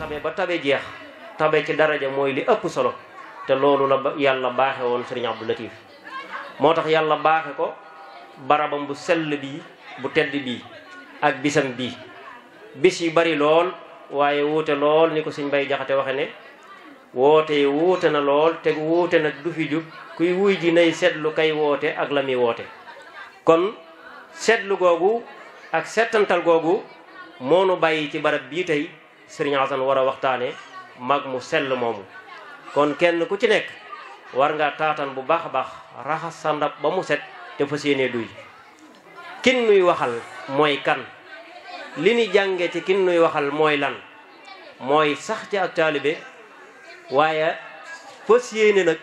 tabe ba tabe jeex tabe ci daraja mooy li ëpp solo te loolu la yàlla baaxe woon sëriñ Abdou Latif moo tax yàlla baaxe ko barabam bu sell bii bu tedd bii ak bisam bii bis yu bari lool waaye wuute lool ni ko sëñ bay Jaxate waxe ne woote yi wuute na lool te wuute na du fi jub kuy wuy ji nay seetlu kay woote ak la muy woote kon seetlu googu ak seetantal googu moonu bàyyi ci barab bii tey Serigne Assane war a waxtaane mag mu sell moomu kon kenn ku ci nekk war nga taatan bu baax a baax raxas sa ndab ba mu set te fas yéene duy kin nuy waxal mooy kan li ni jànge ci kin nuy waxal mooy lan mooy sax ci ak taalibe waaye fas yéene nag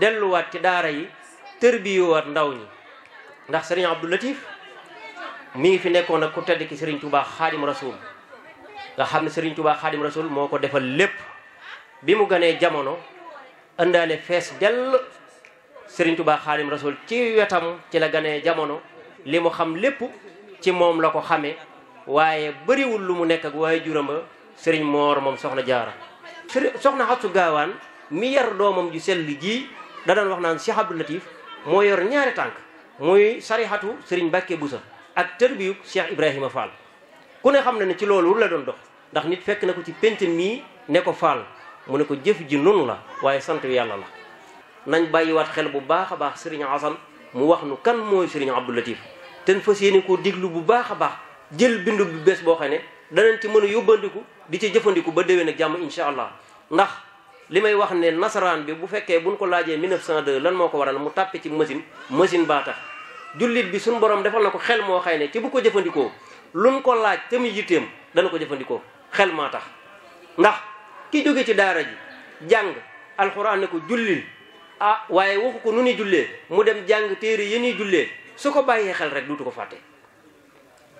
delluwaat ci daara yi tërbiyuwaat ndaw ñi ndax sëriñ Abdou Latif mi ngi fi nekkoon ak ku tedd ki sëriñ Tuubaa Xaadimu Rasuul nga xam ne Serigne Touba Xaadim Rasul moo ko defal lépp bi mu ganee jamono ëndaale fees dell Serigne Touba Xaadim Rasul ci wetam ci la ganee jamono li mu xam lépp ci moom la ko xame waaye bëriwul lu mu nekk ak waaye juramba Serigne Moor moom soxna jaara soxna xatu Gaawaan mi yar doomam ju sell ji da wax naan Cheikh Abdou Latif moo yor ñaari tànk muy sarixatu Serigne bakke Busa ak tërbiyub Cheikh Ibrahima Fall ku ne xam na ne ci loolu la doon dox ndax nit fekk na ko ci pénc mii ne ko faal mu ne ko jëf ji nun la waaye sant yàlla la nañ bàyyiwaat xel bu baax a baax sëriñ Asan mu wax nu kan mooy sëriñ Abdou te ten fas yéene koo diglu bu baax a baax jël bindu bu bees boo xam ne danañ ci mën a yóbbandiku di ci jëfandiku ba déwén ak jàmm incha allah ndax li may wax ne nasaraan bi bu fekkee buñ ko laajee 1902 lan moo ko waral mu tàppe ci machine machine baa tax jullit bi suñ borom defal na ko xel moo xay ne bu ko jëfandikoo luñ ko laaj te mu yitteem dana ko jëfandikoo xel maa tax ndax ki jóge ci daara ji jàng alxuraan ne ko jullil ah waaye waxu ko nu ni jullee mu dem jàng téere yi ñuy jullee su ko bàyyee xel rek duutu ko fàtte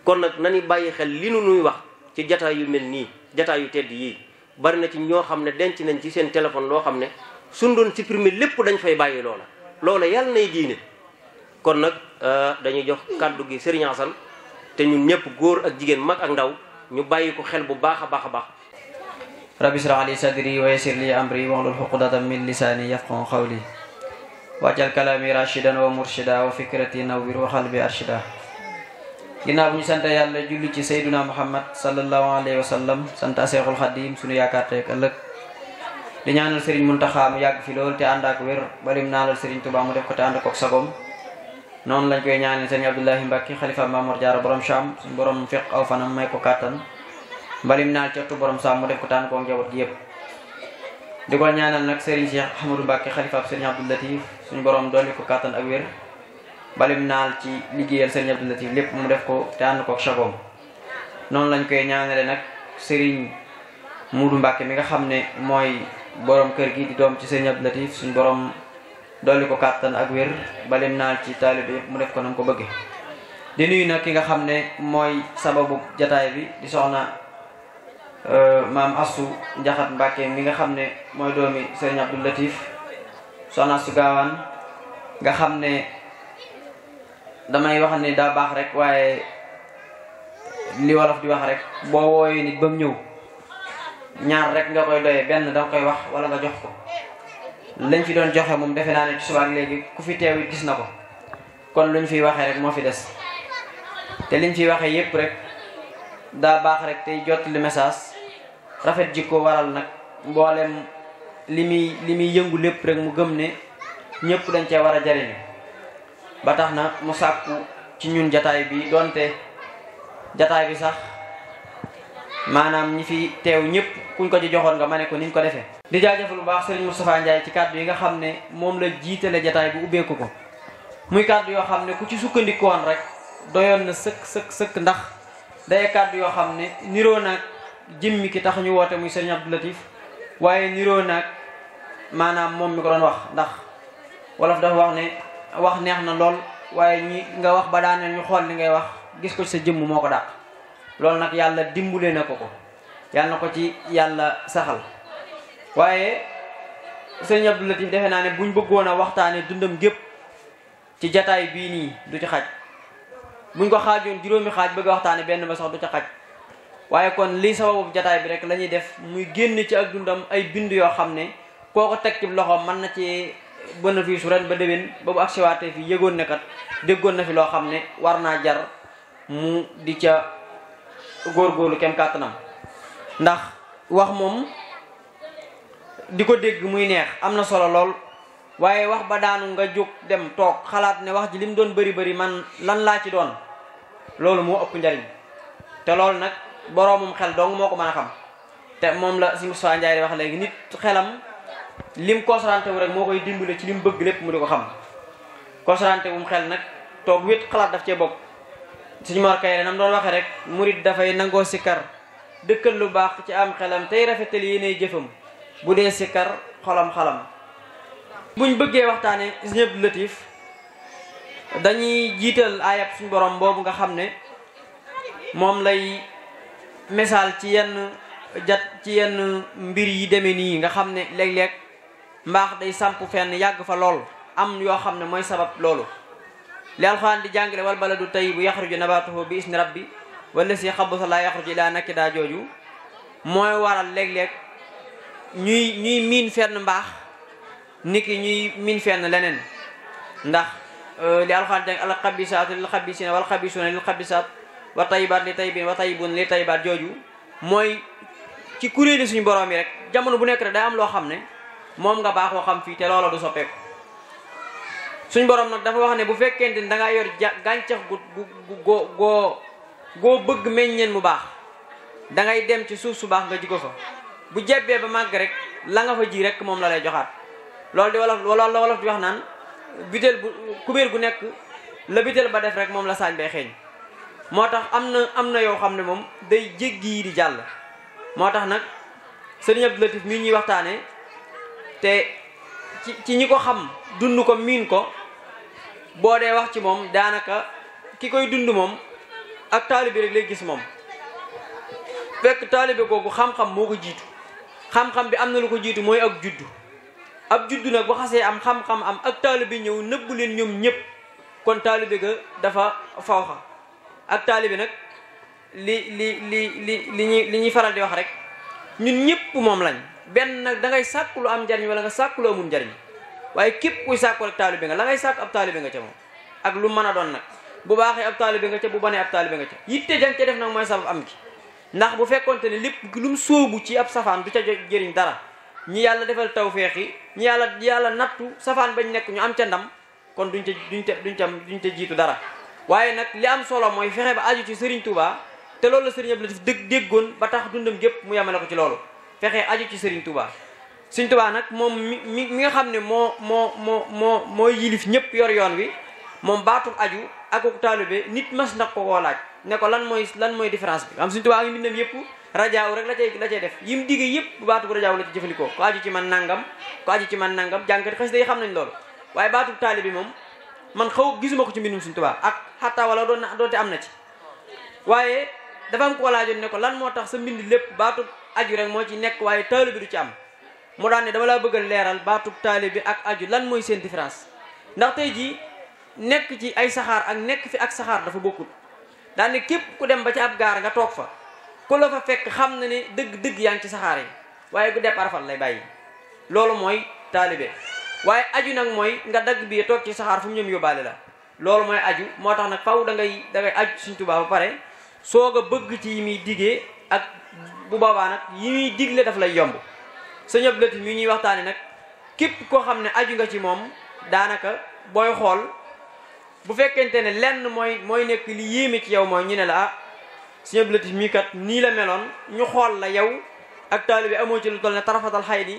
kon nag na ni bàyyi xel li nu nuy wax ci jataay yu mel nii jataay yu tedd yii bari na ci ñoo xam ne denc nañ ci seen téléphone loo xam ne suñ doon supprimer lépp dañ fay bàyyi loola loola yàlla nay diine kon nag euh, dañuy jox kàddu gi Serigne te ñu ñëpp góor ak jigéen mag ak ndaw ñu bàyyi ko xel bu baax a baax a baax rabbi israh li sadri wa yassir li amri wahlul uqdatan min lisaani yafqahu qawli wajal kalaami rashidan wa murshida wa fikrati nawwir wa qalbi arshida ginnaaw ñu sant yàlla julli ci sayduna muhammad sallallahu alayhi wa sallam sant aseexul xadim suñu yaakaar teeg ëllëg di ñaanal sëriñ muntaxa mu yàgg fi lool te ànd ak wér balim naanal sëriñ tuba mu def ko te ànd ak noonu lañ koy ñaanal sëñ Abdullahi Mbacke xalifa Mamour Diarra borom Cham suñ borom feq aw fanam may ko kàttan mbalim naal cottu borom Sam mu def ko taan koo njaboot gi yëpp di ko nag Serigne Cheikh Ahmadou xalifa sëñ Abdou Latif suñ borom kàttan ak wér mbalim naal ci liggéeyal sëñ Abdou Latif mu def ko te ànd koog sagoom noonu lañ koy ñaanale nag Serigne Moudou Mbacke nga xam ne mooy borom kër gi di doom ci sëñ Abdou Latif suñ borom. dolli ko kàttan ak wér balim naal ci taalibe yëpp mu def ko nam ko bëgge di nuyu nag ki nga xam ne mooy sababu jataay bi di soxna euh, maam astu Ndiakhate Mbacké mi nga xam ne mooy doomi Serigne Abdou Latif soxna Astou Gawane nga xam ne damay wax ni daa baax rek waaye li wolof di wax rek boo wooyee nit ba ñëw ñaar rek nga koy doyee benn danga koy wax wala nga jox ko lañ fi doon joxe moom defe naa ne ci léegi ku fi teew gis na ko kon luñ fiy waxee rek moo fi des te liñ fiy waxe yépp rek daa baax rek tey jot li message rafet jikko waral nag mboolem li muy li muy yëngu lépp rek mu gëm ne ñëpp dañ cee war a jariñu ba tax na mu sàkku ci ñun jataay bi donte jataay bi sax maanaam ñi fi teew ñëpp kuñ ko ci joxoon nga ma ne ko niñ ko defee di jaajëfal lu baax Serigne Moustapha Ndiaye ci kàddu yi nga xam ne moom la jiitale jataay bu ubbeeku ko muy kàddu yoo xam ne ku ci sukkandiku woon rek doyoon na sëkk sëkk sëkk ndax day kàddu yoo xam ne niroo nag jëmmi ki tax ñu woote muy Serigne Abdou Latif waaye niroo nag maanaam moom mi ko doon wax ndax wolof dafa wax ne wax neex na lool waaye ñi nga wax ba daaneel ñu xool li ngay wax gis ko sa jëmm moo ko dàq loolu nag yàlla dimbule na ko ko yàlla na ko ci yàlla saxal waaye sëñ Abdou Latif defe naa ne buñ bëggoon a waxtaane dundam gépp ci jataay bii nii du ci xaj buñ ko xaajoon juróomi xaaj bëgg a waxtaane benn ba sax du ci xaj waaye kon lii sababu jataay bi rek lañuy def muy génn ci ak dundam ay bind yoo xam ne koo ko teg ci loxoom mën na ci bénéfice ren ba déwén ba bu agsiwaatee fi yëgoon ne déggoon na fi loo xam ne war naa jar mu di ca góorgóorlu kem kàttanam ndax wax moom di ko dégg muy neex am na solo lool waaye wax ba daanu nga jóg dem toog xalaat ne wax ji lim doon bëri bari man lan laa ci doon loolu moo ëpp njariñ te loolu nag boroomum xel dong moo ko mën a xam te moom la si Moussa Ndiaye wax léegi nit xelam lim concentré wu rek moo koy dimbale ci lim bëgg lépp mu di ko xam concentré wum xel nag toog wét xalaat daf cee bokk suñu Mor Kayré nam doon waxee rek murit dafay nangoo si sikkar dëkkal lu baax ci am xelam tey rafetal yéenay jëfam bu dee sikar xolam xalam buñ bëggee waxtaane Sëriñ Abdou dañuy jiital ayab suñ borom boobu nga xam ne moom lay misaal ci yenn jat ci yenn mbir yi demee nii nga xam ne léeg-léeg mbaax day samp fenn yàgg fa lool am yoo xam ne mooy sabab loolu li alxuraan di jàngale wal baladu tayyibu yaxruju nabatuhu bi isni bi wala si xabusa laa yaxruju ilaa nakida jooju mooy waral léeg-léeg ñuy ñuy miin fenn mbaax nit ki ñuy miin fenn leneen ndax euh, li alxuraan jàng alxabisaatu lil xabisiina wal xabisuuna lil xabisaat wa tayibaat li tayibiin wa tayibuun li tayibaat jooju mooy ci kuréeli suñu borom yi rek jamono bu nekk rek day am loo xam ne moom nga baax baaxoo xam fii te loola du soppeeku suñu borom nag dafa wax ne bu fekkente ni da ngaa yor ja gàncax gu gu goo goo goo bëgg meññeen mu baax dangay dem ci suuf su baax nga ji ko fa. bu jebbee ba màgg rek la nga fa ji rek moom la lay joxaat loolu di wolof loolu la wolof di wax naan butéel bu kubéer gu nekk la butéel ba def rek moom la saañ bay xeeñ moo tax am na am na yoo xam ne moom day jéggi di jàll moo tax nag sëriñ Abdou Latif mii ñuy waxtaane te ci ci ñi ko xam dund ko miin ko boo dee wax ci moom daanaka ki koy dund moom ak taalibe rek lay gis moom fekk taalibe googu xam-xam moo ko jiitu xam-xam bi am na lu ko jiitu mooy ak juddu ab juddu nag bu xasee am xam-xam am ak taalibe ñëw nëbbu leen ñoom ñëpp kon taalibe ga dafa fawxa ak taalibe nag li li li li li ñuy li ñuy faral di wax rek ñun ñëpp moom lañ benn nag da ngay sàkk lu am njariñ wala nga sàkk lu amul njariñ waaye képp kuy sàkku rek taalibe nga la ngay sàkk ab taalibe nga ca moom ak lu mën a doon nag bu baaxee ab taalibe nga ca bu banee ab taalibe nga ca yitte jang ca def nag am gi ndax bu fekkonte ne lépp lu mu sóobu ci ab safaan du ca jëriñ dara ñi yàlla defal tawféex yi ñi yàlla yàlla nattu safaan bañ nekk ñu am ca ndam kon duñ ca duñ ca duñ ca duñ ca jiitu dara waaye nag li am solo mooy fexe ba aju ci Serigne Touba te loolu la Serigne Abdou Latif déggoon ba tax dundam gépp mu yemale ko ci loolu fexe aju ci Serigne Touba. Serigne Touba nag moom mi mi nga xam ne moo moo moo moo moo yilif ñëpp yor yoon wi moom baatum aju. akuk taalibe nit mas na ko koo laaj ne ko lan mooy lan mooy différence bi am suñu tubaa ngi mbindam yëpp rajaaw rek la cay la cay def yim digge yëpp baatu bu rajaaw la ci jëfandikoo ko aju ci man nangam ko aju ci man nangam jàngkat xas day xam nañ loolu waaye baatu taalibe moom man xaw gisuma ko ci mbindum suñu tubaa ak xataa wala doon doonte am na ci waaye dafa am ko laajoon ne ko lan moo tax sa mbind lépp baatu aju rek moo ci nekk waaye taalibe du ci am mu daan ne dama laa bëgg a leeral baatub taalibe ak aju lan mooy seen différence nekk ci ay saxaar ak nekk fi ak saxaar dafa bokkul daane képp ku dem ba ci ab gaar nga toog fa ku la fa fekk xam na ne dëgg dëgg yaa ngi ci saxaar yi waaye gu départ fan lay bàyyi loolu mooy taalibe waaye aju nag mooy nga dagg bii toog ci saxaar fu mu ñoom yóbbaale la loolu mooy aju moo tax nag faw da ngay da ngay aju Sëriñ Tuubaa ba pare soog a bëgg ci yi muy digee ak bu boobaa nag yi muy digle daf lay yomb Sëriñ Abdou Latif mi ñuy waxtaane nag képp koo xam ne aju nga ci moom daanaka booy xool bu fekkente ne lenn mooy mooy nekk li yéeme ci yow mooy ñu ne laa ah Sëriñ Abdou Latif mii kat nii la meloon ñu xool la yow ak taalibe amoo ci lu toll ne tarafatal xay di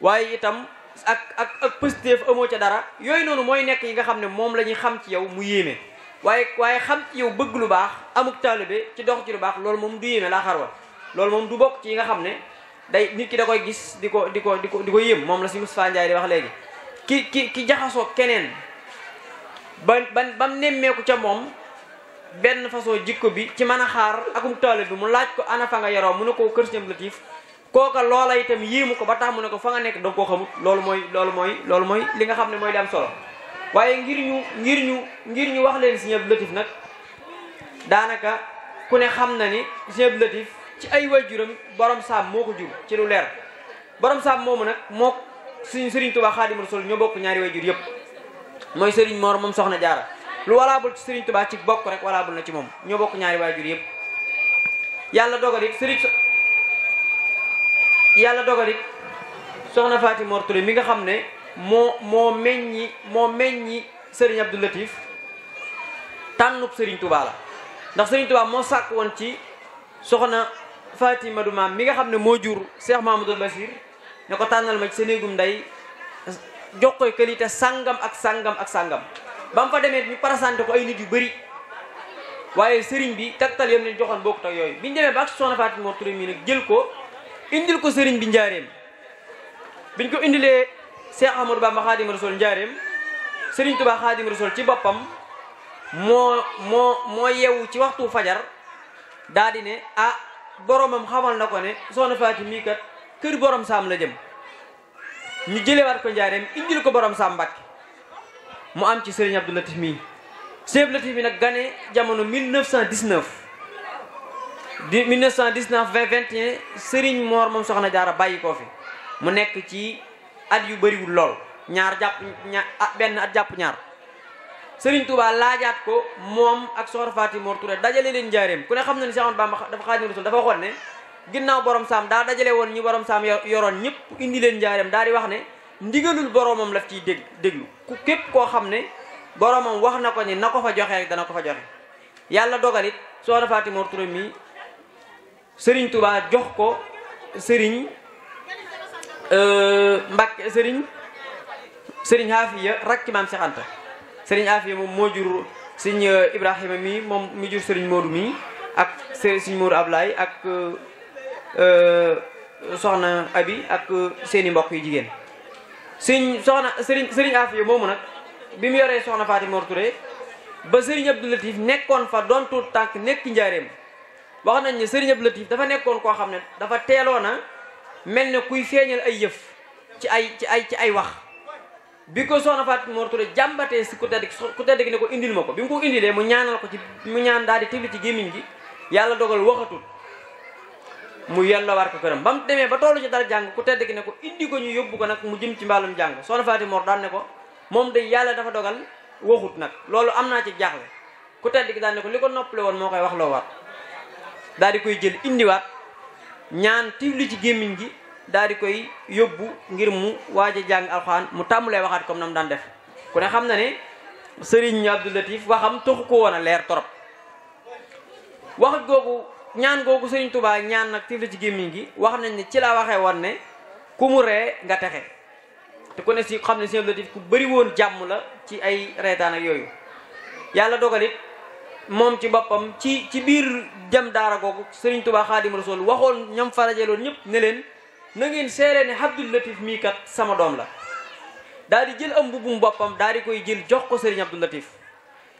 waaye itam ak ak ak positif amoo ca dara yooyu noonu mooy nekk yi nga xam ne moom la ñuy xam ci yow mu yéeme waaye waaye xam ci yow bëgg lu baax amuk taalibe ci dox ci lu baax loolu moom du yéeme laa xarwa loolu moom du bokk ci yi nga xam ne day nit ki da koy gis di ko di ko di ko di ko yéem moom la si Moustapha Ndiaye léegi ki ki ki jaxasoo keneen ba ba ba mu nemmeeku ca moom benn façon jikko bi ci mën a xaar akum taale bi mu laaj ko ana fa nga yaroo mu ne ko kër Sëñ Latif kooka loola itam yéemu ko ba tax mu ne ko fa nga nekk danga koo xamut loolu mooy loolu mooy mooy li nga xam ne mooy li am solo waaye ngir ñu ngir ñu ngir ñu wax leen Sëñ Latif nag daanaka ku ne xam na ni Sëñ Latif ci ay waajuram borom saab moo ko jur ci lu leer borom saam moomu nag moo suñu Sëriñ Tuubaa Xaadimu Rasuul ñoo bokk ñaari waajur yëpp mooy Serigne Mor moom soxna jaara lu walaabul ci Serigne Touba ci bokk rek walaabul na ci moom ñoo bokk ñaari waajur yëpp yàlla dogal it Serigne yàlla dogal soxna Faati Mor mi nga xam ne moo moo moo meññi Serigne Abdou Latif tànnub la ndax Serigne Touba moo sàkk woon ci soxna Faati Madou Maam mi nga xam ne moo jur Cheikh Mamadou Basir ne ko tànnal ma ci sa néegum ndey jox koy qualité sangam ak sangam ak sangam ba mu fa demee ñu parasanté ko ay nit yu bëri waaye sëriñ bi taktal yam ne joxoon bokkut ak yooyu biñu demee ba ak soxna Fatou Mor Touré mii nag jël ko indil ko sëriñ bi njaareem biñ ko indilee Cheikh Ahmadou Bamba Khadim Rasoul njaareem sëriñ Tuubaa Khadim Rasoul ci boppam moo moo moo yewu ci waxtu fajar daa di ne ah boromam xamal na ko ne soxna Fatou mii kat kër borom saam la jëm ñu jëlewaat ko njaareem indil ko borom Sam Mbàkke mu am ci sëriñ Abdou Latif mii sëriñ Abdou Latif mi nag gane jamono 1919 di 1919 20 21 sëriñ Moor moom soxna jaara bàyyi koo fi mu nekk ci at yu bëriwul lool ñaar jàpp ña benn at jàpp ñaar sëriñ Touba laajaat ko moom ak soxna Faati Moor Touré dajale leen njaareem ku ne xam na ni Seex Ahmadu Bamba dafa Xaadimu Rasuul dafa waxoon ginnaaw borom saam daa dajale woon ñi borom saam yoroon ñëpp indi leen njaareem daa di wax ne ndigalul boromam laf ciy dég déglu ku képp koo xam ne boromam wax na ko ni na ko fa joxe dana ko fa joxe yàlla dogalit soo Faati Mor Touré mi sëriñ Touba jox ko sëriñ euh, Mbàkke sëriñ sëriñ Afiya rakki maam sëriñ Afiya moom moo jur sëriñ Ibrahima mi moom mi jur sëriñ Modou mi ak sëriñ Modou Ablaye ak euh, Euh, soxna abi ak seeni mbokk yu jigéen sëñ soxna sëriñ sëriñ Afiya moomu nag bi mu yoree soxna Faati Mor ba sëriñ Abdou Latif nekkoon fa doon tànk nekk njaareem wax nañ ne sëriñ Abdou Latif dafa nekkoon koo xam ne dafa teeloon a mel ne kuy feeñal ay yëf ci ay ci ay ci ay wax bi ko soxna Faati Mor Touré jàmbatee si ku tedd ku tedd gi ne ko indil ma ko bi mu ko indilee mu ñaanal ko ci mu ñaan daal di tibli ci gémmiñ gi yàlla dogal waxatul mu yelloo war ko këram ba mu demee ba toolu ci dara jàng ku tedd ki ne ko indi ko ñu yóbbu ko nag mu jëm ci mbaalum jàng soxna Faati Mor daan ne ko moom de yàlla dafa dogal waxut nag loolu am naa ci jaaxle ku tedd ki daan ne ko li ko noppale woon moo koy wax loo waat daal di koy jël indiwaat ñaan tiwli ci gémmiñ gi daal di koy yóbbu ngir mu waaj a jàng alxuraan mu tàmmulee waxaat comme na mu daan def ku ne xam na ne sëriñ Abdou Latif waxam taxu ko woon a leer torop ñaan googu sëriñ tubaa ñaan nag tif la ci gémmiñ gi wax nañ ne ci laa waxee woon ne ku mu ree nga texe te ku ne si xam ne sëriñ Latif ku bëri woon jàmm la ci ay reetaan ak yooyu yàlla dogalit moom ci boppam ci ci biir jëm daara googu sëriñ tubaa xaadim rasul waxoon ñam farajeloon ñëpp ne leen na ngeen seeree ne Abdou Latif mii kat sama doom la daal di jël am mbubum boppam daal di koy jël jox ko sëriñ Abdou Latif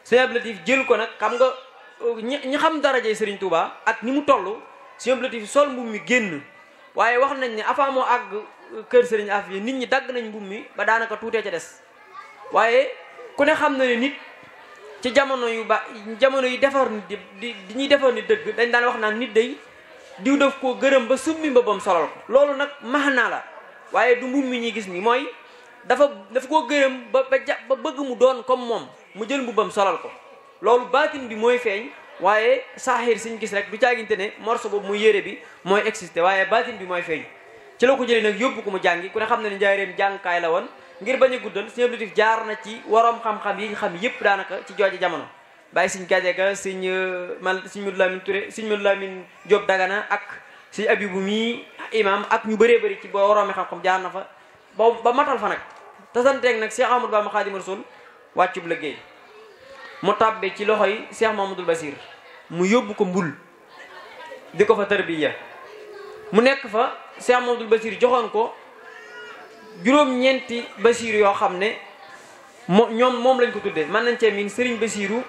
sëriñ Abdou Latif jël ko nag xam nga ñi ñi xam darajey sëriñ Touba ak ni mu toll si yëpp sol mbubb mi génn waaye wax nañ ne afa moo àgg euh, kër Serigne Afia nit ñi dagg nañ mbubb mi ba daanaka tuutee ca des waaye ku ne xam na nit ci jamono yu ba jamono yi defar nit di di ñuy defar nit dëgg dañ daan wax naan nit day diw daf koo gërëm ba summi mbubbam solal ko. loolu nag max naa la waaye du mbubb mi ñuy gis ni mooy dafa dafa koo gërëm ba ba ja ba bëgg mu doon comme moom mu jël mbubbam solal ko. loolu baatin bi mooy feeñ waaye saaxiir siñ gis rek du caaginte ne morso boobu muy yére bi mooy existé waaye baatin bi mooy feeñ ci la ko jëlee nag yóbbu ko mu jàngi ku ne xam ne ne njaareem jàngkaay la woon ngir bañ a guddal sëñ Abdou Latif jaar na ci waroom xam yi xam yépp daanaka ci jooje jamono bàyyi siñ Gadiaga siñ euh, man siñ Modou Lamine Touré siñ Modou Lamine Diop Dagana ak siñ Abibou mii imam ak ñu bëree bëri ci ba waroomi xam-xam jaar na fa ba ba matal fa nag tasanteeg nag Cheikh ma Bamba Khadim Rasoul wàccub liggéey mu tàbbe ci loxoy Cheikh Mamadou Basir mu yóbbu ko mbul di ko fa tarbiya mu nekk fa Cheikh Mamadou Basir joxoon ko juróom-ñeenti Basir yoo xam ne moo ñoom moom lañ ko tuddee mën nañ cee miin Serigne Basiru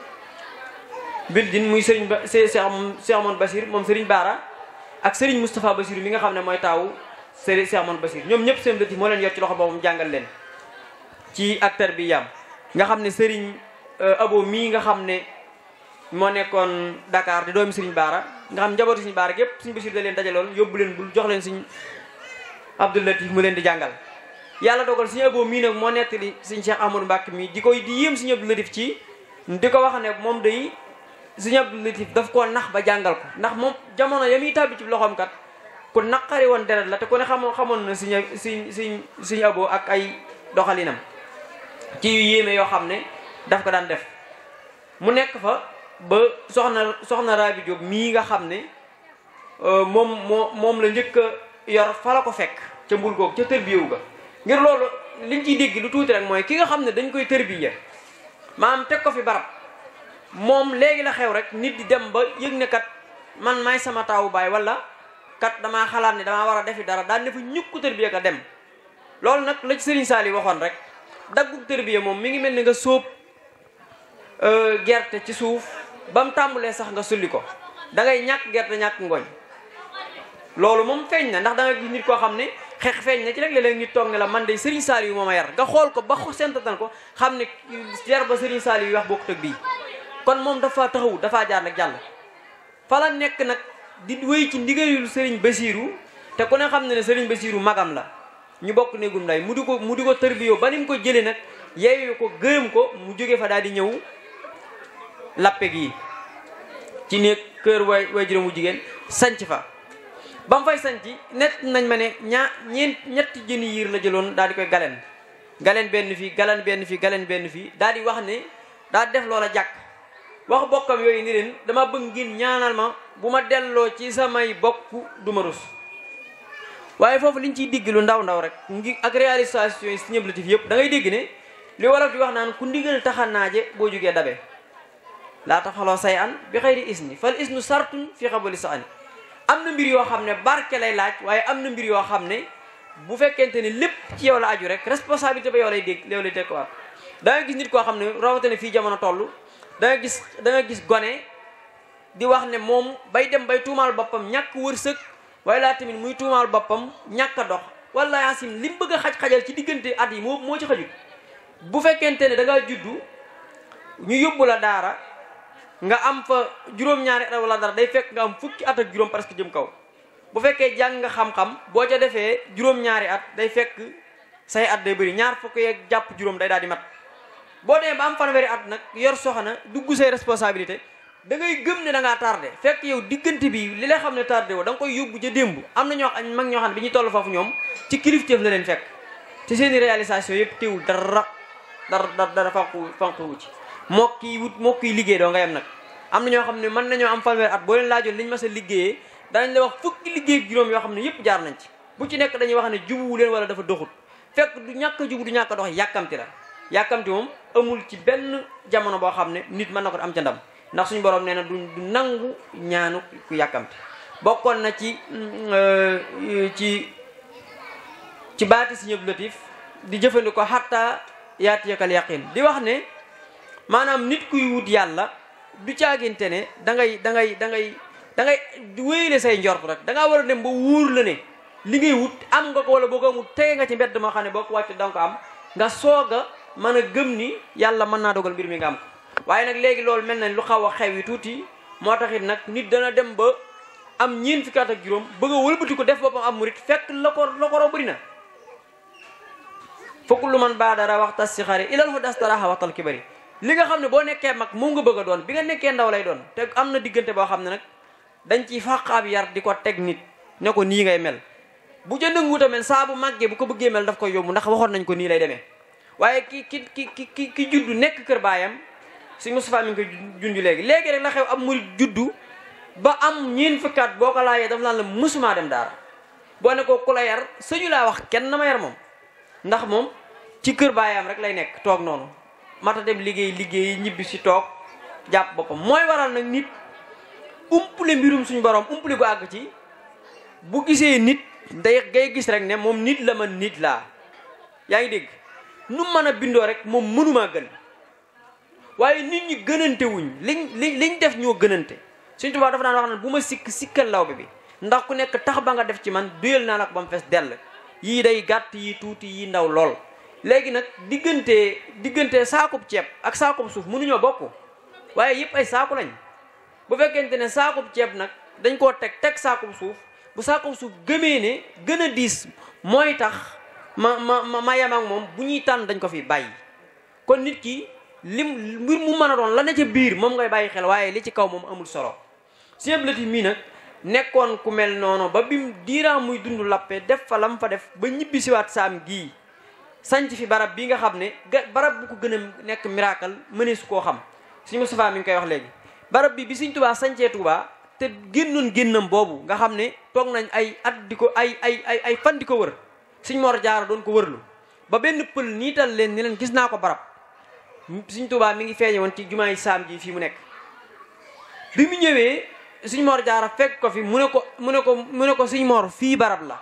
Bildin muy Serigne ba seex Mamadou Basir moom Serigne Baara ak Serigne Moustapha Basir mi nga xam ne mooy taawu Serigne Cheikh Mamadou Basir ñoom ñëpp seen dëkk moo leen yor ci loxo boobu jàngal leen ci ak tarbiyaam nga xam ne Serigne. Euh, abo mii nga xam ne moo nekkoon dakaar di doomi Serigne Baara nga xam njabootu Serigne Baara yépp Serigne Bassirou da leen dajaloon yóbbu leen bul jox leen Serigne Abdou Latif mu leen di jàngal yàlla dogal Serigne abo mii nag moo nettali Serigne Cheikh Ahmadou Mbacke mii di koy di yéem Serigne Abdou Latif ci di ko wax ne moom day Serigne Abdou Latif daf koo nax ba jàngal ko ndax moom jamono ya muy tàbbi ci loxoom kat ku naqari woon deret la te ku ne xamoon xamoon na Serigne Serigne Serigne Abo ak ay doxalinam ci yu yoo xam ne daf ko daan def mu nekk fa ba soxna soxna Rabi Diop mii nga xam ne euh, moom moo moom la njëkk a yor fa la ko fekk ca mbul ca tërbiyewu ga ngir loolu liñ ciy dégg lu tuuti rek mooy ki nga xam ne dañ koy tërbiye maanaam teg ko fi barab moom léegi la xew rek nit di dem ba yëg ne kat man maay sama taawu baay wala kat damaa xalaat ne damaa war a defi dara daal ne fa ñukku tërbiye ka dem loolu nag la ci Serigne waxoon rek daggug tërbiye moom mi ngi mel ni nga sóob Euh, gerte ci suuf ba mu tàmbulee sax nga sulli ko dangay ngay ñàkk gerte ñàkk ngooñ loolu moom feeñ na ndax da gis nit koo xam ne xeex feeñ na ci rek léeg ngi toog ne la man de Serigne Saliou moo ma yar nga xool ko ba sentatan ko xam ne yar ba Serigne Saliou yu wax bokkut ak bii kon moom dafa taxawu dafaa jaan nag jàll fa la nekk nag di wéy ci ndigalul Serigne Bassirou te ku ne xam ne ne Serigne Bassirou magam la ñu bokk néegum nday mu di ko mu di ko tërbiyoo ba ni ko jëlee nag yeeyu ko gërëm ko mu jóge fa daal di ñëw lappe gi ci néeg kër waay way juróom wu jigéen sanc fa ba fay sanc net nañ ma ne ñaa ñeent ñetti jën yiir la jëloon daal di koy galen galen benn fii galen benn fii galen benn fii daal di wax ne daal def loola jàkk wax bokkam yooyu ni leen dama bëgg ngeen ñaanal ma bu ma delloo ci samay bokk du ma rus waaye foofu liñ ciy digg lu ndaw ndaw rek ngi ak réalisation yi si ñëpp latif yëpp da ngay dégg ne li wolof di wax naan ku ndigal taxa naaje boo jógee dabe laa taxaloo say an bi xëyri isni fal isnu sartun fi xabali sa ani am na mbir yoo xam ne barke lay laaj waaye am na mbir yoo xam ne bu fekkente ne lépp ci yow la aju rek responsabilité ba yow lay dégg yow lay tekkuwaat da nga gis nit koo xam ne rawatina fii jamono toll da gis da gis gone di wax ne moom bay dem bay tuumaal boppam ñàkk wërsëg waaye laa tamit muy tuumaal boppam ñàkk a dox wala yaasim lim bëgg a xaj-xajal ci diggante at yi moo moo ci bu fekkente ne da juddu ñu yóbbu daara nga am fa juróom-ñaari at wala dara day fekk nga am fukki at ak juróom presque jëm kaw bu fekkee jàng nga xam-xam boo ca defee juróom-ñaari at day fekk say at day bëri ñaar fukk yeeg jàpp juróom day daal di mat boo demee ba am fanweeri at nag yor soxna dugg say responsabilité da ngay gëm ne da ngaa tardé fekk yow diggante bi li lay xam ne tardé woo da nga koy yóbbu ca démb am na ñoo xam mag ñoo xam ne bi ñuy toll foofu ñoom ci kilifteef la leen fekk te seeni réalisation yëpp teewul dara dara dara fanqu fanquwu ci moo kii wut moo kii liggéey doo nga yem nag am na ñoo xam ne mën nañoo am fanweer at boo leen laajoon liñ ma a liggéeyee daañ la wax fukki liggéey juróom yoo xam ne yëpp jaar nañ ci bu ci nekk dañuy wax ne jubuwu leen wala dafa doxut fekk du ñàkk a jubu du ñàkk a dox yàkkamti la yàkkamti moom amul ci benn jamono boo xam ne nit mën na ko am ca ndam ndax suñu borom nee na du nangu ñaanu ku yàkkamti bokkoon na ci mm, euh, ci ci baati si ñëpp latif di jëfandikoo xatta yaatiyakal yaqin di wax ne maanaam nit kuy wut yàlla du caaginte ne dangay dangay da da ngay da ngay wéyle say njort rek danga war a dem ba wóor la ne li ngay wut am nga ko wala boo ko amul tege nga ci mbedd moo xam ne boo ko wàccu danga ko am nga soog a mën a gëm ni yàlla mën naa dogal mbir mi nga am ko waaye nag léegi loolu mel na lu xaw a xew yi tuuti moo taxit nag nit dana dem ba am ñeent fukki at ak juróom bëgg a wëlbati ko def boppam am murit fekk la ko la ko raw bëri na fokk lu man baadara waxta si xare ilal hu dastaraha waxtal ki bëri li nga xam ne boo nekkee mag moom nga bëgg a doon bi nga nekkee ndaw lay doon te am na diggante boo xam ne nag dañ ciy fàq ab yar di ko teg nit ne ko nii ngay mel bu jënd nangu tamit saabu bu màggee bu ko bëggee mel daf ko yóbbu ndax waxoon nañ ko nii lay demee waaye ki ki ki ki ki juddu nekk kër baayam suñ Moustapha mi ngi koy junj léegi léegi rek la xew am mu juddu ba am ñeen fukkaat boo ko laajee daf naan la mësuma dem daara boo ne ku la yar sëñu laa wax kenn na moom ndax moom ci kër baayam rek lay nekk toog noonu mata dem liggéey liggéey ñibbi si toog jàpp boppam mooy waral nag nit umpule mbirum suñu borom umpule ko àgg ci bu gisee nit day ngay gis rek ne moom nit la man nit laa yaa ngi dégg nu mën a bindoo rek moom mënumaa gën waaye nit ñi gënantewuñ wuñ liñ li liñ def ñoo gënante suñ tubaab dafa daan wax naan bu ma sikk sikkal lawbe bi ndax ku nekk tax ba nga def ci man duyal naa la ko ba mu fees dell yii day gàtt yi tuuti yi ndaw lool léegi nag diggante diggante bu ceeb ak saakub suuf mënuñoo bokk waaye yëpp ay saaku lañ bu fekkente ne saakub ceeb nag dañ koo teg teg saakub suuf bu saakub suuf gëmee ne gën a diis mooy tax ma ma ma yem ak moom bu ñuy tànn dañ ko fi bàyyi kon nit ki lim mbir mu mën a doon la ne ca biir moom ngay bàyyi xel waaye li ci kaw moom amul solo Sëñ Latif mii nag nekkoon ku mel noonu ba bim diiraa muy dund lappe def fa la mu fa def ba ñibbi siwaat saam gii sanc fi barab bi nga xam ne barab bu ko gën a nekk miracle mënees koo xam suñu Moustapha mi ngi koy wax léegi barab bi bi suñ tubaa sancee tubaa te génnoon génnam boobu nga xam ne toog nañ ay at di ko ay ay ay ay fan di ko wër suñ Mor Jaara doon ko wërlu ba benn pël niital leen ni leen gis naa ko barab suñ tubaa mi ngi feeñe woon ci jumaa yi saam ji fii mu nekk bi mu ñëwee suñ Mor Jaara fekk ko fi mu ne ko mu ne ko mu ne ko suñ Mor fii barab la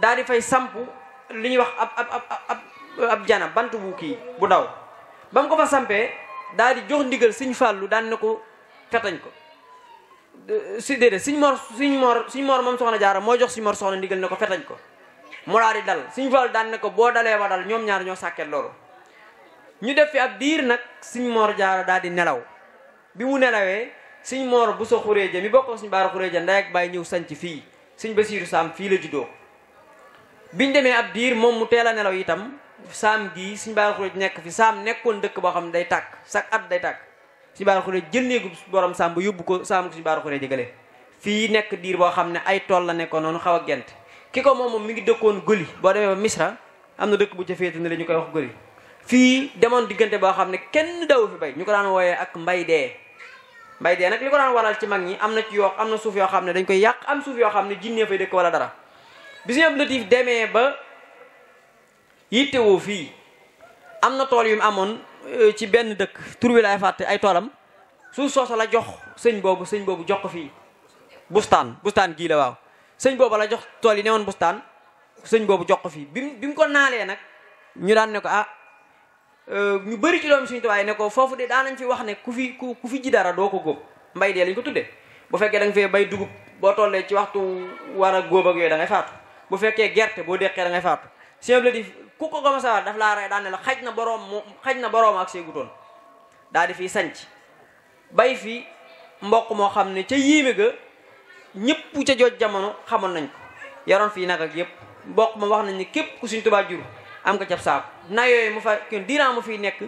daal di fay samp li ñuy wax ab ab ab ab jana bant bu kii bu ndaw ba mu ko fa sampee daal di jox ndigal sëñ fàllu daan na ko fetañ ko si déedéet sëñ mor sëñ mor sëñ mor moom soxna jaara moo jox sëñ mor soxna ndigal na ko fetañ ko moo daal di dal sëñ fàllu daan na ko boo dalee ma dal ñoom ñaar ñoo sàkket loolu ñu def fi ab diir nag sëñ moor jaaro daal di nelaw bi mu nelawee sëñ moor bu sa xuréeja mi bokkoo suñu baara xuréeja ndey ak bàyyi ñëw sanc fii sëñ basiiru saam fii la juddoo biñ demee ab diir moom mu teel a nelaw itam saam gii suñu baal xuréej nekk fi saam nekkoon dëkk boo xam ne day tàkk chaque at day tàkk suñu baal xuréej jël néegu borom saam ba yóbbu ko saam suñu baal xuréej jëgale fii nekk diir boo xam ne ay tool la nekkoon noonu xaw a gent ki ko moom moom mi ngi dëkkoon gëli boo demee ba misra am na dëkk bu ca féete ne la koy wax gëli fii demoon diggante boo xam ne kenn daw fi bay ñu ko daan wooyee ak mbay dee mbay dee nag waral ci mag ñi am na ci yoo am na suuf yoo xam ne dañ koy yàq am suuf yoo xam ne jinnee fay dëkk wala dara bi sëñ Abdou Latif demee ba yittewoo fii am na tool yu mu amoon euh, ci benn dëkk tur wi laay fàtte ay toolam su soosa la jox sëñ boobu sëñ boobu jox ko fii bustaan bustaan gii la waaw sëñ boobu la jox tool yi ne woon bustaan sëñ boobu jox ko fii bi bi mu ko naalee nag ñu daan ne ko ah euh, ñu bëri ci doom suñu tubaay ne ko foofu de daanañ fi wax ne ku fi ku ku fi ji dara doo ko góob mbay dee lañ ko tuddee bu fekkee da nga fee bay dugub boo tollee ci waxtu war a góob ak yooyu da ngay bu fekkee gerte boo deqee da ngay faatu simple di ku ko commencé waat daf laa rey daan ne la xaj na boroom moo xaj na boroom ak seegutoon daa di fi sañc bay fi mboq moo xam ne ca yéeme ga ñëpp ca jooj jamono xamoon nañ ko yaroon fii nag ak yëpp mboq ma wax nañ ni képp ku suñ tubaa jur am nga cab saako na yooyu mu fa dinaa mu fi nekk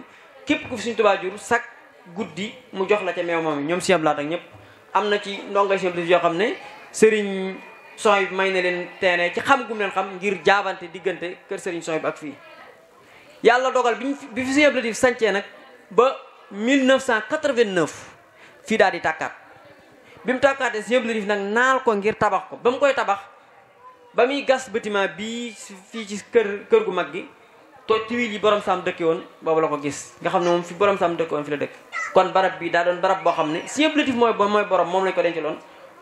képp ku suñ tubaa jur sak guddi mu jox la ca meew moom ñoom siyam laa tak ñëpp am na ci ndonga simple yoo xam ne son bi may na leen teene ci xam gum leen xam ngir jaabante diggante kër sëriñ son bi ak fii yàlla dogal bi bi fi Sëriñ Abdou Latif sancee nag ba mille cent 1989 fii daal di tàkkaat bi mu tàkkaatee Sëriñ Abdou Latif nag naal ko ngir tabax ko ba mu koy tabax ba muy gas bâtiment bii fii ci kër kër gu mag gi toj tiwil yi borom saam dëkke woon boobu la ko gis nga xam ne moom fi borom saam dëkke woon fi la dëkk kon barab bi daa doon barab boo moom lañ ko denc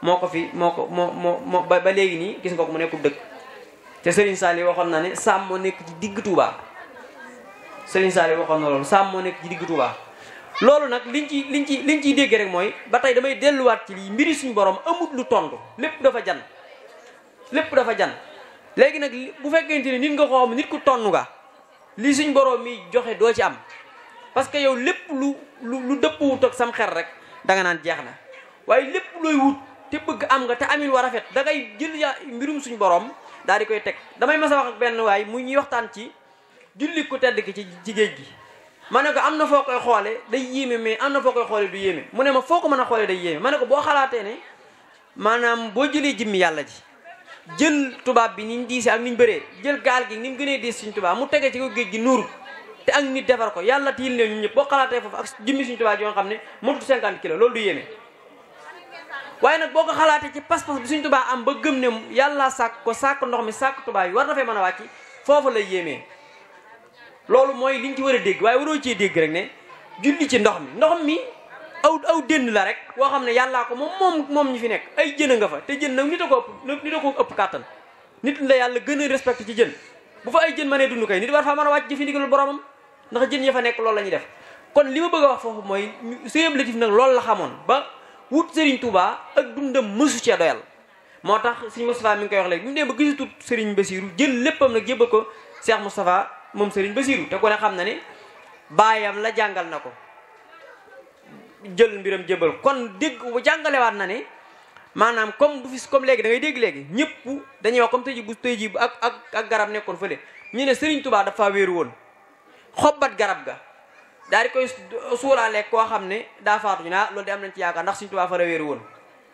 moo ko fi moo ko moo moo moo ba ba léegi nii gis nga ko mu nekkul dëkk te Serigne Saliou waxoon na ne Sam moo nekk ci digg Touba Serigne Saliou waxoon na loolu Sam moo nekk ci digg Touba. loolu nag liñ ci liñ ci liñ ciy déggee rek mooy ba tey damay delluwaat ci lii mbiri suñu borom amut lu tontu lépp dafa jan lépp dafa jan léegi nag bu fekkee ni nit nga ko xam nit ku tonn nga lii suñ boroom mi joxe doo ci am parce que yow lépp lu lu lu dëpp wut ak sam xer rek danga naan jeex na te bëgg am nga te amin wa rafet da ngay jël ya mbirum suñu borom daal di koy teg damay mas a wax ak benn waay mu ñuy waxtaan ci julli ko tedd ki ci géej gi ma ne ko am na foo koy xoole day yéeme mais am na foo koy xoole du yéeme mu ne ma foo ko mën a xoole day yéeme ma ne ko boo xalaatee ne maanaam boo jëlee jimmi yàlla ji jël tubaab bi ni ñu diisee ak ni ñu bëree jël gaal gi ni mu gënee diis suñu tubaab mu tege ci ko géej gi nuur te ak nit defar ko yàlla tiil ne ñu ñëpp boo xalaatee foofu ak jimmi suñu tubaab yi xam ne motul 50 kilos loolu du yéeme waaye nag boo ko xalaatee ci pas-pas bi suñ tubaa am ba gëm ne yàlla sàkk ko sàkk ndox mi sàkk tubaa yi war na fee mën a wàcc foofu lay yéemee loolu mooy liñ ci war a dégg waaye waroo cee dégg rek ne julli ci ndox mi ndox mi aw aw dénd la rek woo xam ne yàllaa ko moom moom ñu fi nekk ay jën a nga fa te jën nag nit a ko ëpp nit ko ëpp kàttan nit la yàlla gën a respecté ci jën bu fa ay jën mënee dund kay nit war faa mën a wàcc jëfandikoo boromam ndax jën ya fa nekk loolu la ñuy def kon li ma bëgg a wax foofu mooy sëñ Abdou Latif nag loolu la xamoon ba wut Serigne Touba ak dundam mësu cee doyal moo tax Serigne Moustapha mi ngi koy wax léegi bi mu nee ba gisatut Serigne Bassirou jël léppam nag jébbal ko Cheikh Moustapha moom Serigne Bassirou te ko ne xam na ne baayam la jàngal na ko jël mbiram jébbal kon dégg bu jàngalewaat na ne maanaam comme bu fi comme léegi dangay ngay dégg léegi ñëpp dañuy wax comme tey bu tey jii bu ak ak ak garab nekkoon fële ñu ne Serigne Touba dafa wéeru woon xobbat garab ga. daal di koy suulaaleeg koo xam ne daa faatu ñu naa ah loolu de am nañ ci yaakaar ndax suñ tubaa fa réwéer woon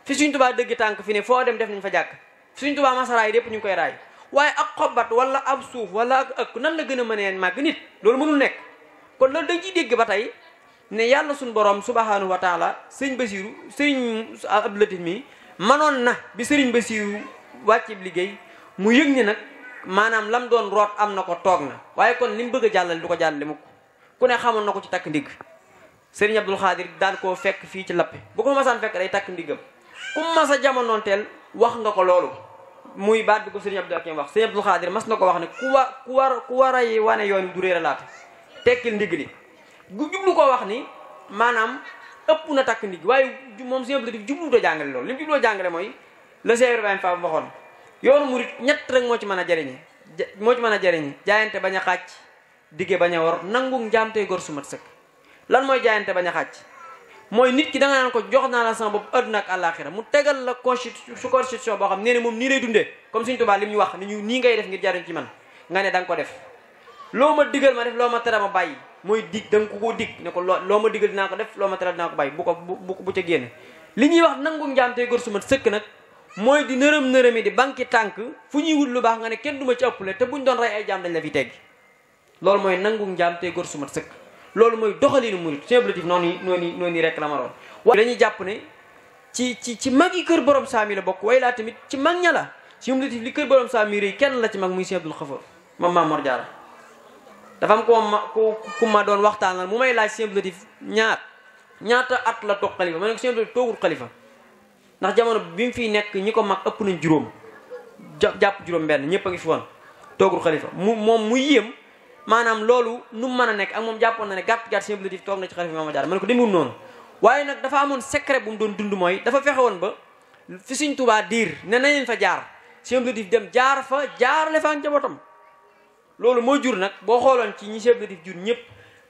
fi suñ tubaa dëgg tànk fi ne foo dem def nañ fa jàkk suñ tubaa masara yi yépp ñu ngi koy raay waaye ak xobat wala ab suuf wala ak ëkk nan la gën a mëneen màgg nit loolu mënul nekk kon loolu dañ ci dégg ba tey ne yàlla suñ borom subhanahu wa taala sëñ basiru ab abdulatif mi manoon na bi sëriñ basiru wàccib liggéey mu yëg ne nag maanaam lam doon root am na ko toog na waaye kon li mu bëgg a du ko jàllale mukk ku ne xamoon na ko ci takk ndigg sëriñ Abdul Xaadir daan koo fekk fii ci lappe bu ko masaan fekk day takk ndiggam ku mas a jamonoonteel wax nga ko loolu muy baat bi ko sëriñ Abdul Hakim wax sëriñ Abdul Xaadir mas na ko wax ne ku wa ku war ku war a wane yoon du réer a laata tekkil ndigg li gu jublu ko wax ni maanaam ëpp na takk ndigg waaye moom sëriñ Abdul jublu doo jàngale loolu li mu jubloo jàngale mooy le Cheikh Ibrahima Fall waxoon yoonu murit ñett rek moo ci mën a jëriñe moo ci mën a jëriñe jaayante bañ a xàcc digge bañ a war nangu njaamtee gor su mat sëkk lan mooy jaayante bañ a xàcc mooy nit ki da nga naan ko jox naa la sama bopp àdduna ak àllaaxira mu tegal la constitution su boo xam nee ne moom nii lay dundee comme suñ tubaab li mu ñu wax ni ñu nii ngay def ngir jariñ ci man nga ne da ko def loo ma digal ma def loo ma tere ma bàyyi mooy dig da ko koo dig ne ko loo loo ma digal dinaa ko def loo ma tere dinaa ko bàyyi bu ko bu bu ca génne li ñuy wax nangu njaamtee gor su mat sëkk nag mooy di nërëm nërëmi di banki tànk fu ñuy wut lu baax nga ne kenn du ma ci ëppale te buñ doon rey ay jaam la fi teggi loolu mooy nangu njaam te góor su sëkk loolu mooy doxalinu murit seen objectif noonu noonu noonu rek la ma doon waaye dañuy jàpp ne ci ci ci mag yi kër borom saami la bokk waaye laa tamit ci mag ña la si objectif li kër borom saami rëy kenn la ci mag muy Sëñ Abdul Xafoor mam Maam Mor dafa am ko ma ku ku ma doon waxtaanal mu may laaj Sëñ Abdul Latif ñaar ñaata at la toog xalifa ma ne ko Sëñ xalifa ndax jamono bi mu fiy nekk ñi ko mag ëpp nañ juróom jàpp juróom benn ñëpp a ngi fi woon toogul mu moom maanaam loolu nu mu mën a nekk ak moom jàppoon na ne gàtt gàtt seen toog na ci xalifa Maam Jaara ma ne ko demul noonu waaye nag dafa amoon secret bu mu doon dund mooy dafa fexe woon ba fi Sëriñ diir ne nañeen fa jaar seen bilatif dem jaar fa jaarale fa ak njabootam loolu mooy jur nag boo xooloon ci ñi seen bilatif jur ñëpp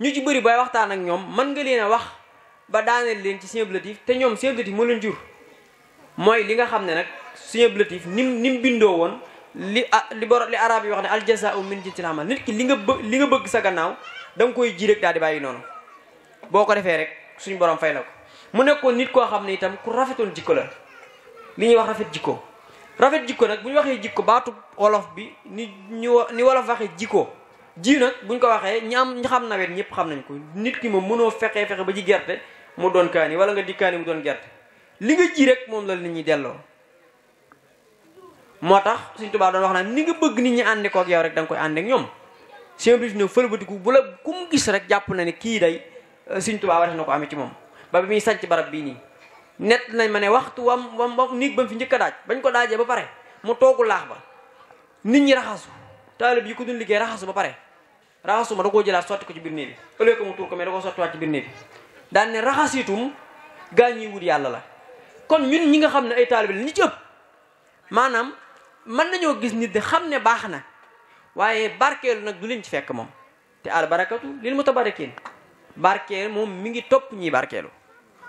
ñu ci bëri bay waxtaan ak ñoom mën nga leen a wax ba daaneel leen ci seen bilatif te ñoom seen bilatif moo leen jur mooy li nga xam ne nag seen bilatif nim nim bindoo woon li ah li bor li arab yi wax ne aljazaau min jinsil amal nit ki li nga bë li nga bëgg sa gannaaw da koy ji rek daal di bàyyi noonu boo ko defee rek suñu borom fay la ko mu nekkoon nit koo xam ne itam ku rafetoon jikko la li ñuy wax rafet jikko rafet jikko nag bu ñu waxee jikko baatu wolof bi ni ñu ni wolof waxee jikko ji nag buñ ko waxee ñi am ñi xam nawet ñëpp xam nañ ko nit ki moom mënoo fexe fexe ba ci gerte mu doon kaani wala nga di kaani mu doon gerte li nga ji rek moom la nit ñi delloo moo tax suñ tubaab doon wax naan ni nga bëgg nit ñi àndi kook yow rek da koy ànd ñoom Cheikh Ibrahim Niass fëlbatiku bu la ku mu gis rek jàpp na ne kii day euh, suñ tubaab def na ko amee ci moom ba bi muy sànc barab bii net nañ ma ne waxtu wam wam wam néeg ba mu njëkk daaj bañ ko daajee ba pare mu toogu laax ba nit ñi raxasu taalib yi ko doon liggéey raxasu ba pare raxasu ma da koo jëlaat sotti ko ci biir néeg bi ëllëg ko mu tuur ko mais da koo sottiwaat ci biir bi daan ne raxasitum gaa ñuy wut yàlla la kon ñun ñi nga xam ne ay taalib la ñi ci ëpp maanaam mën nañoo gis nit di xam ne baax na waaye barkeelu nag du leen ci fekk moom te albarakatu lil mutabarikin barkeel moom mi ngi topp ñii barkeelu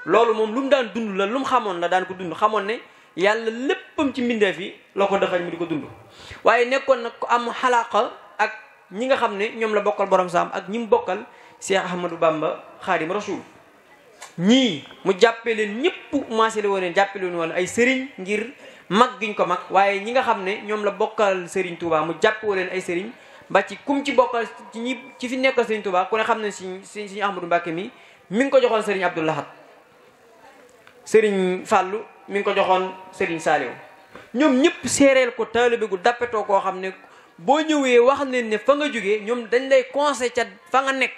loolu moom lu mu daan dund la lu mu xamoon la daan ko dund xamoon ne yàlla léppam ci mbindeef yi loo ko defal mu di ko dund waaye nekkoon nag ku am xalaaqa ak ñi nga xam ne ñoom la bokkal borom saam ak ñi mu bokkal Cheikh Ahmadou bàmba Xaadim Rasul ñii mu jàppee leen ñëpp maasé le woon leen jàppee leen ay sëriñ ngir mag giñ ko mag waaye ñi nga xam ne ñoom la bokkal Serigne Touba mu jàppoo leen ay Serigne ba ci kum ci bokkal ci ñi ci fi nekkal Serigne Touba ku ne xam ne si si si Ahmadou Mbacke mi mi ngi ko joxoon Serigne Abdou Lahad Serigne Fallou mi ngi ko joxoon Serigne Saliou ñoom ñëpp séeréel ko taalibe gu dappetoo koo xam ne boo ñëwee wax leen ne fa nga jógee ñoom dañ lay conseil ca fa nga nekk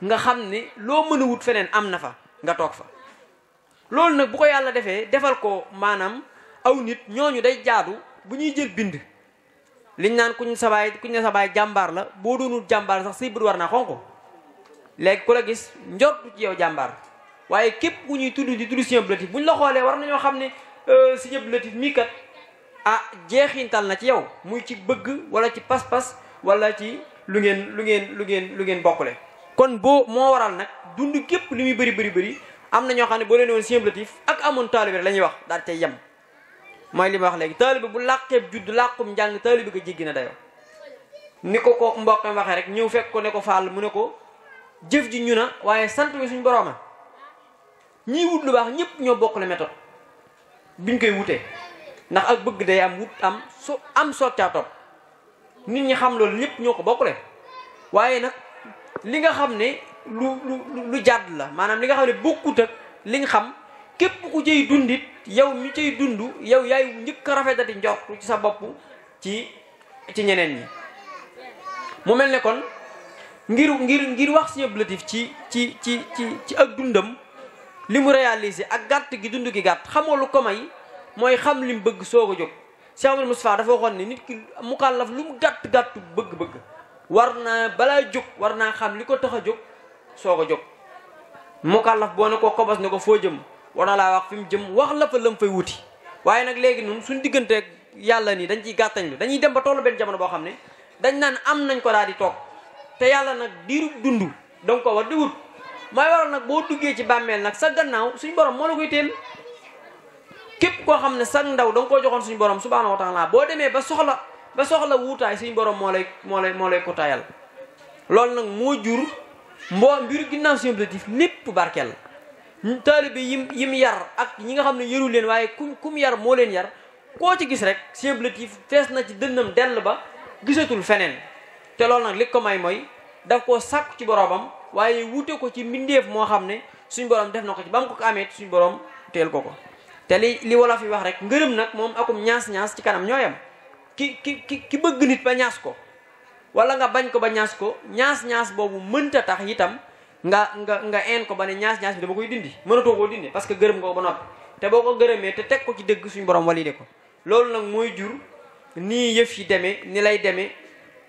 nga xam ne loo mën a wut feneen am na fa nga toog fa loolu nag bu ko yàlla defee defal ko maanaam aw nit ñooñu day jaadu bu ñuy jël bind liñ naan kuñ sa baay kuñ ne sa baay jàmbaar la boo doonul jàmbaar sax si bët war naa xonko léegi ku la gis njortu ci yow jàmbaar waaye képp ku ñuy tudd di tudd Sëñ Abdou bu ñu la xoolee war nañoo xam ne Sëñ Abdou Latif mii kat ah jeexintal na ci yow muy ci bëgg wala ci pas-pas wala ci lu ngeen lu ngeen lu ngeen lu ngeen bokkule. kon boo moo waral nag dund képp li muy bëri bëri bëri am na ñoo xam ne boo leen woon Sëñ Abdou Latif ak amoon taalibe la ñuy wax daal tey yem. mooy li ma wax léegi taalibe bu làqeeb judd làqum njàng taalibe ko jéggi na dayoo ni ko ko mbokkam waxee rek ñëw fekk ko ne ko faal mu ne ko jëf ji ñu na waaye sant bi suñ borooma ñii wut lu baax ñëpp ñoo bokk la méthode biñ koy wutee ndax ak bëgg day am wut am so am soccaa nit ñi xam loolu ñëpp ñoo ko bokkule waaye nag li nga xam ne lu lu lu jàdd la maanaam li nga xam ne bokkut ak li nga xam képp ku cay dundit yow mi cay dund yow yaay njëkk a rafetati njortu ci sa bopp ci ci ñeneen ñi mu mel ne kon ngir ngir ngir wax Sëñ Abdou Latif ci ci ci ci ci ak dundam li mu réalisé ak gàtt gi dund gi gàtt xamoo lu ko may mooy xam lim bëgg soog a jóg Cheikh Amadou Moustapha dafa waxoon ne nit ki mukallaf lu mu gàtt gàtt bëgg-bëgg war naa balaa jóg war naa xam li ko tax a jóg soog a jóg mukallaf boo ne ko kobos ne ko foo jëm war na laa wax fi mu jëm wax la fa lam fay wuti waaye nag léegi ñun suñ digganteeg yàlla nii dañ ciy gàttañ lu dañuy dem ba tollu benn jamono boo xam ne dañ naan am nañ ko daal di toog te yàlla nag diirub dund danga ko war di wut may waral nag boo duggee ci bàmmeel nag sa gannaaw suñu borom moo la koy téel koo xam ne sa ndaw danga koo joxoon suñu borom subhaanahu wa taala boo demee ba soxla soxla wuutaay suñu borom moo lay moo lay moo lay ko tayal loolu nag moo jur mboo mbiru ginnaaw suñu objectif lépp barkeel taalibe yi yim yar ak ñi nga xam ne yarul leen waaye ku kum yar moo leen yar koo ci gis rek simblatif fees na ci dënnam dell ba gisatul feneen te loolu nag li ko may mooy daf ko sàkk ci boroomam waaye wute ko ci mbindeef moo xam ne suñ borom def na ko ci ba mu ko amee suñ borom teel ko ko te li li wolof yi wax rek ngërëm nag moom akum ñaas-ñaas ci kanam ñooyam ki ki ki ki bëgg nit ba ñaas ko wala nga bañ ko ba ñaas ko ñaas-ñaas boobu mënta tax itam nga nga nga een ko ba ne ñaas ñaas bi dama koy dindi mënatoo koo dindi parce que gërëm nga ko ba noppi te boo ko gërëmee te teg ko ci dëgg suñu borom walide ko loolu nag mooy jur nii yëf yi demee ni lay demee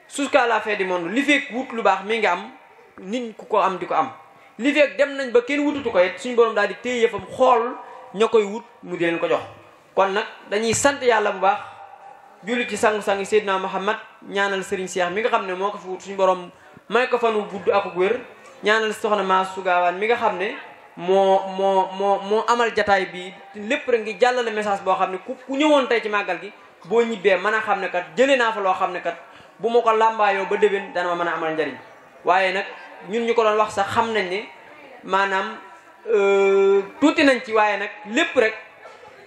jusqu'à la di du li fekk wut lu baax mi nga am nit ku ko am di ko am li fekk dem nañ ba kenn wututu ko it suñu borom daal di téye yëfam xool ñoo koy wut mu di leen ko jox kon nag dañuy sant yàlla bu baax julli ci sangu-sangi Seydina Muhammad ñaanal Serigne Cheikh mi nga xam ne moo ko fi suñu borom may ko fan wu gudd ak wér ñaanal soxna maa sugaawaan mi nga xam ne moo moo moo moo amal jataay bii lépp rek ngi jàllale message boo xam ne ku ku ñëwoon tey ci màggal gi boo ñibbee mën a xam ne kat jëlee naa fa loo xam ne kat bu ma ko làmbaayoo ba déwén dana ma mën a amal njariñ waaye nag ñun ñu ko doon wax sax xam nañ ne maanaam euh, tuuti nañ ci waaye nag lépp rek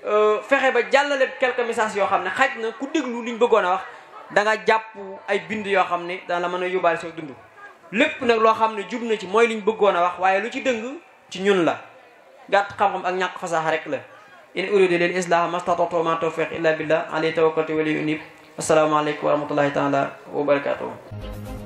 euh, fexe ba jàllale quelques message yoo xam ne xaj na ku déglu ñu bëggoon a wax da nga jàpp ay bind yoo xam ne dana la mën a yóbbaale sa dund lépp nag loo xam ne jub na ci mooy liñ bëggoon a wax waaye lu ci dëng ci ñun la gàtt xam-xam ak ñàkk fasaxa rek la in uridu lil islaha mastatatu ma tawfiq illa billah alayhi tawakkaltu wa ilayhi unib asalaamaaleykum wa rahmatullahi taala wa barakatuhu